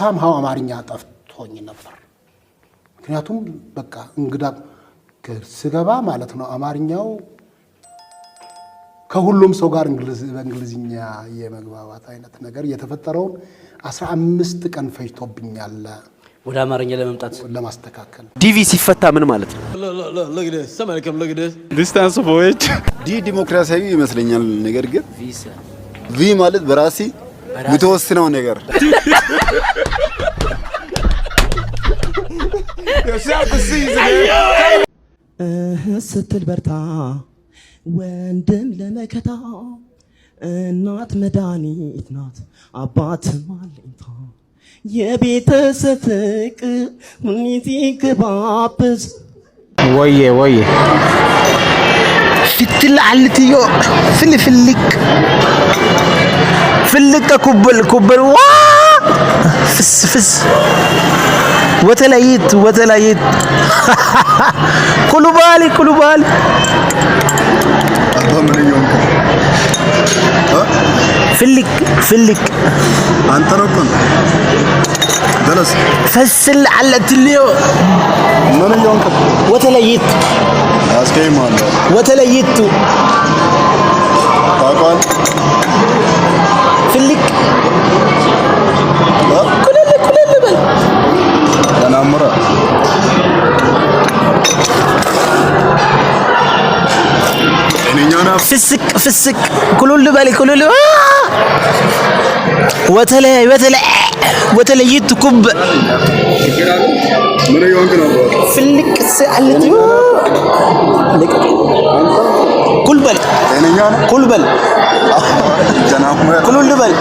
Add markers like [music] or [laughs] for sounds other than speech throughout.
ሳምሃው አማርኛ ጠፍቶኝ ነበር። ምክንያቱም በቃ እንግዳ ስገባ ማለት ነው አማርኛው ከሁሉም ሰው ጋር በእንግሊዝኛ የመግባባት አይነት ነገር የተፈጠረውን አስራ አምስት ቀን ፈጅቶብኛል ወደ አማርኛ ለመምጣት ለማስተካከል። ዲቪ ሲፈታ ምን ማለት ነው? ዲ ዲሞክራሲያዊ ይመስለኛል። ነገር ግን ቪ ማለት በራሴ ምትወስነው ነገር ስትል በርታ ወንድም ለመከታ እናት መድኃኒት ናት አባት ማለኝታ የቤተሰብ ፍቅር ሁኔቴ ክባብዝ ወየ ወየ ፍትል አልትዮ ፍልፍልቅ فلتا كبل كبل وااا فس فس وتلايت وتلايت [laughs] كلوا بالي كلوا بالي فلك فلك انت ركن درس فسل على تليو من ينكر وتلايت اسكي مان وتلايت في السك كلوا اللي بالي كلوا اللي آه! وتلا وتلا وتلا جيت كوب فلك على كل بل كل بل كلوا اللي بالي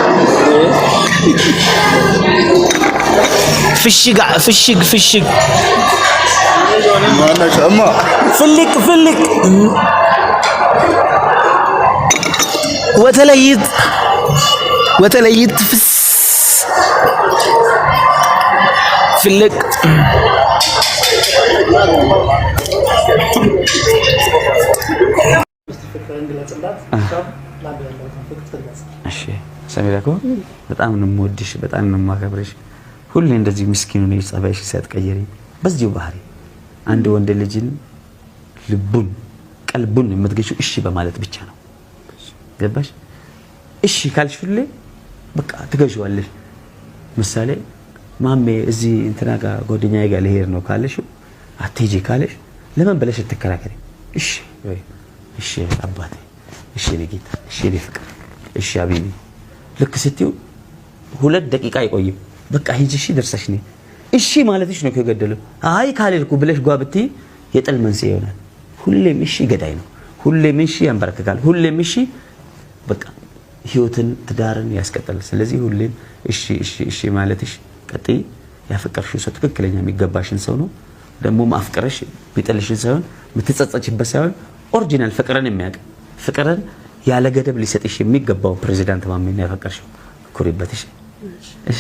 فشق فشق فشق فلك فلك ወተለይት ወተለይት ፍስ ፍልቅ እሺ ሰሚራ እኮ በጣም ነው የምወድሽ፣ በጣም ነው የማከብርሽ። ሁሌ እንደዚህ ምስኪኑ ነው ጸባይሽ ሲያትቀየሪ በዚሁ ባህሪ አንድ ወንድ ልጅን ልቡን ቀልቡን የምትገሹ እሺ በማለት ብቻ ነው። ገባሽ? እሺ ካልሽ በቃ ትገዥዋለሽ። ምሳሌ ማሜ እዚህ እንትና ጋር ጓደኛዬ ጋር ልሄድ ነው ካለሽ አትሄጂ ካለሽ ለምን ብለሽ ትከራከሪ? እሺ ወይ እሺ አባቴ፣ እሺ ለጌታ፣ እሺ ለፍቅር፣ እሺ አቢቢ ልክ ስትዩ ሁለት ደቂቃ አይቆይም። በቃ ሂጂ፣ እሺ ደርሰሽ ነይ። እሺ ማለትሽ ነው ከገደለው። አይ ካልልኩ ብለሽ ጓብቲ የጥል መንስኤ ይሆናል። ሁሌም እሺ ገዳይ ነው። ሁሌም እሺ ያንበረክካል። ሁሌም እሺ በቃ ህይወትን ትዳርን ያስቀጥላል። ስለዚህ ሁሌም እሺ እሺ እሺ ማለትሽ ቀጥይ። ያፈቀርሽው ሰው ትክክለኛ የሚገባሽን ሰው ነው። ደግሞ ማፍቀረሽ የሚጠልሽን ሳይሆን የምትጸጸችበት ሳይሆን ኦሪጂናል ፍቅርን የሚያውቅ ፍቅርን ያለ ገደብ ሊሰጥሽ የሚገባው ፕሬዚዳንት ማሜ ነው ያፈቀርሽው። ኩሪበት። እሺ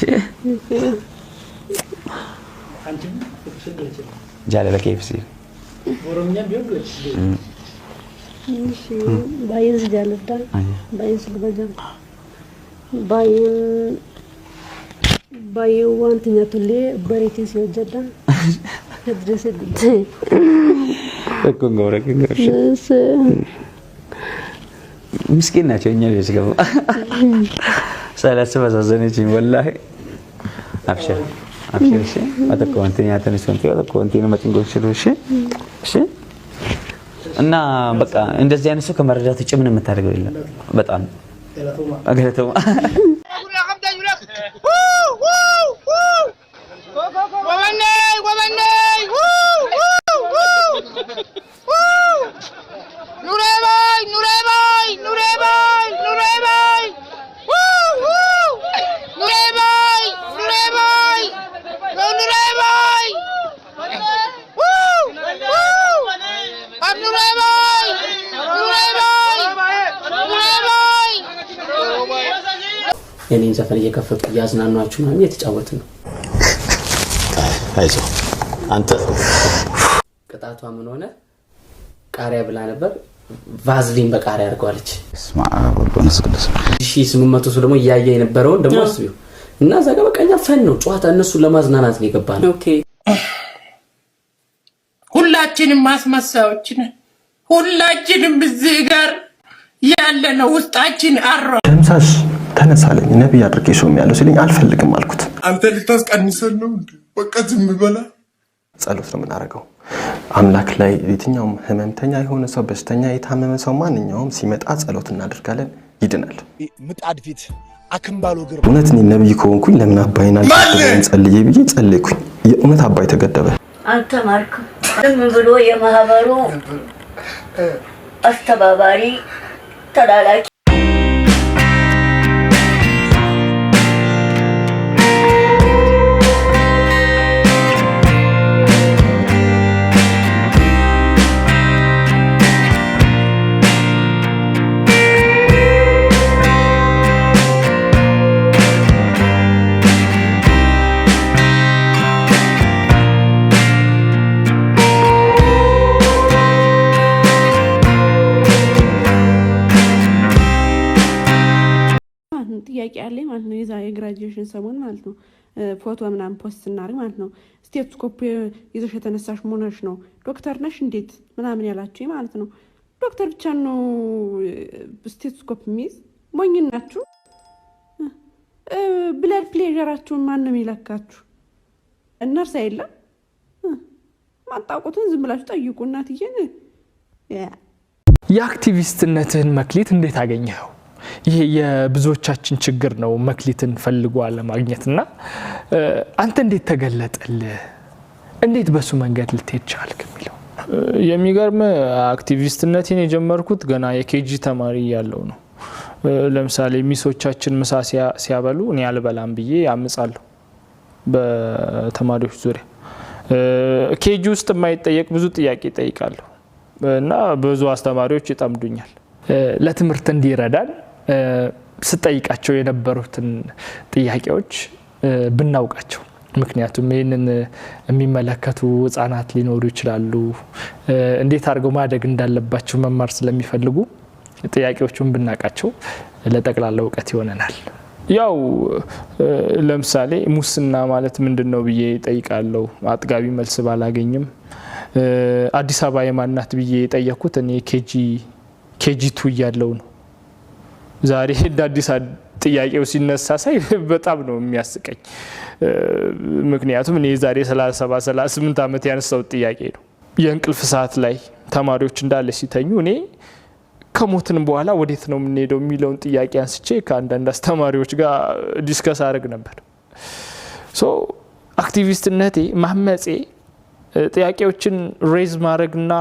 ጃለ ለኬፍሲ ኦሮምኛ ቢሆን बाईस ባይ ሲወጀዳ ድት ምስኪን ናቸው። እኛ ቤት ገባ ሰላስ በዛዘነችኝ ወላሂ አብሽር አብሽር እሺ አተኮንቲኒ አተነሽ ወንቲ መጥንጎሽ እሺ እሺ እና በቃ እንደዚህ አይነት ሰው ከመረዳት ውጭ ምንም የምታደርገው የለም። በጣም ገለተው የኔን ዘፈን እየከፈቱ እያዝናኗችሁ ምናምን እየተጫወት ነው። አይዞህ አንተ። ቅጣቷ ምን ሆነ? ቃሪያ ብላ ነበር ቫዝሊን በቃሪያ አድርገዋለች። ስምንት መቶ ሰው ደግሞ እያየ የነበረውን ደግሞ አስቢው እና እዛ ጋ በቃ እኛ ፈን ነው ጨዋታ፣ እነሱን ለማዝናናት ነው የገባ ነው። ሁላችንም ማስመሳዮች ነን። ሁላችንም እዚህ ጋር ያለ ነው ውስጣችን አሯ ተነሳለኝ ነቢይ አድርጌ ሾም ያለው ሲለኝ አልፈልግም አልኩት። አንተ ልታስቀንሰን ነው እንዴ? በቃ ዝም በላ። ጸሎት ነው የምናደርገው አምላክ ላይ። የትኛውም ህመምተኛ የሆነ ሰው በሽተኛ፣ የታመመ ሰው ማንኛውም ሲመጣ ጸሎት እናደርጋለን፣ ይድናል። ምጣድ ፊት አክምባሎ ግር እውነት እኔ ነቢይ ከሆንኩኝ ለምን አባይና ጸልዬ ብዬ ጸልኩኝ። የእውነት አባይ ተገደበ። አልተማርክም ዝም ብሎ የማህበሩ አስተባባሪ ተላላኪ ጥያቄ አለ ማለት ነው። የዛ የግራጁዌሽን ሰሞን ማለት ነው ፎቶ ምናምን ፖስት ስናደርግ ማለት ነው ስቴቶስኮፕ ይዘሽ የተነሳሽ መሆነሽ ነው ዶክተር ነሽ እንዴት ምናምን ያላችሁ ማለት ነው። ዶክተር ብቻ ነው ስቴቶስኮፕ የሚይዝ ሞኝናችሁ። ብለድ ፕሌዥራችሁን ማን ነው የሚለካችሁ? እነርስ የለም ማጣቁትን ዝም ብላችሁ ጠይቁ እናትዬን። የአክቲቪስትነትህን መክሊት እንዴት አገኘኸው? ይሄ የብዙዎቻችን ችግር ነው። መክሊትን ፈልጎ አለማግኘት አንተ እንዴት ተገለጠልህ? እንዴት በሱ መንገድ ልትሄድ ቻልክ የሚለው የሚገርም አክቲቪስትነቴን የጀመርኩት ገና የኬጂ ተማሪ ያለው ነው። ለምሳሌ ሚሶቻችን ምሳ ሲያበሉ እኔ አልበላም ብዬ ያምጻለሁ በተማሪዎች ዙሪያ። ኬጂ ውስጥ የማይጠየቅ ብዙ ጥያቄ ይጠይቃለሁ እና ብዙ አስተማሪዎች ይጠምዱኛል። ለትምህርት እንዲረዳን ስጠይቃቸው የነበሩትን ጥያቄዎች ብናውቃቸው ምክንያቱም ይህንን የሚመለከቱ ህጻናት ሊኖሩ ይችላሉ። እንዴት አድርገው ማደግ እንዳለባቸው መማር ስለሚፈልጉ ጥያቄዎቹን ብናውቃቸው ለጠቅላላ እውቀት ይሆነናል። ያው ለምሳሌ ሙስና ማለት ምንድን ነው ብዬ ጠይቃለሁ። አጥጋቢ መልስ ባላገኝም አዲስ አበባ የማናት ብዬ የጠየኩት እኔ ኬጂ ኬጂ ቱ እያለው ነው ዛሬ እንደ አዲስ ጥያቄው ሲነሳ ሳይ [laughs] በጣም ነው የሚያስቀኝ። ምክንያቱም እኔ ዛሬ 37 38 ዓመት ያነሳው ጥያቄ ነው። የእንቅልፍ ሰዓት ላይ ተማሪዎች እንዳለ ሲተኙ እኔ ከሞትን በኋላ ወዴት ነው የምንሄደው የሚለውን ጥያቄ አንስቼ ከአንዳንድ አስተማሪዎች ጋር ዲስከስ አድርግ ነበር። ሶ አክቲቪስትነቴ ማመፄ ጥያቄዎችን ሬዝ ማድረግና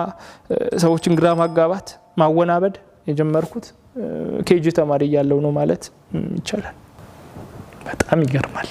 ሰዎችን ግራ ማጋባት ማወናበድ የጀመርኩት ኬጂ ተማሪ እያለው ነው ማለት ይቻላል። በጣም ይገርማል።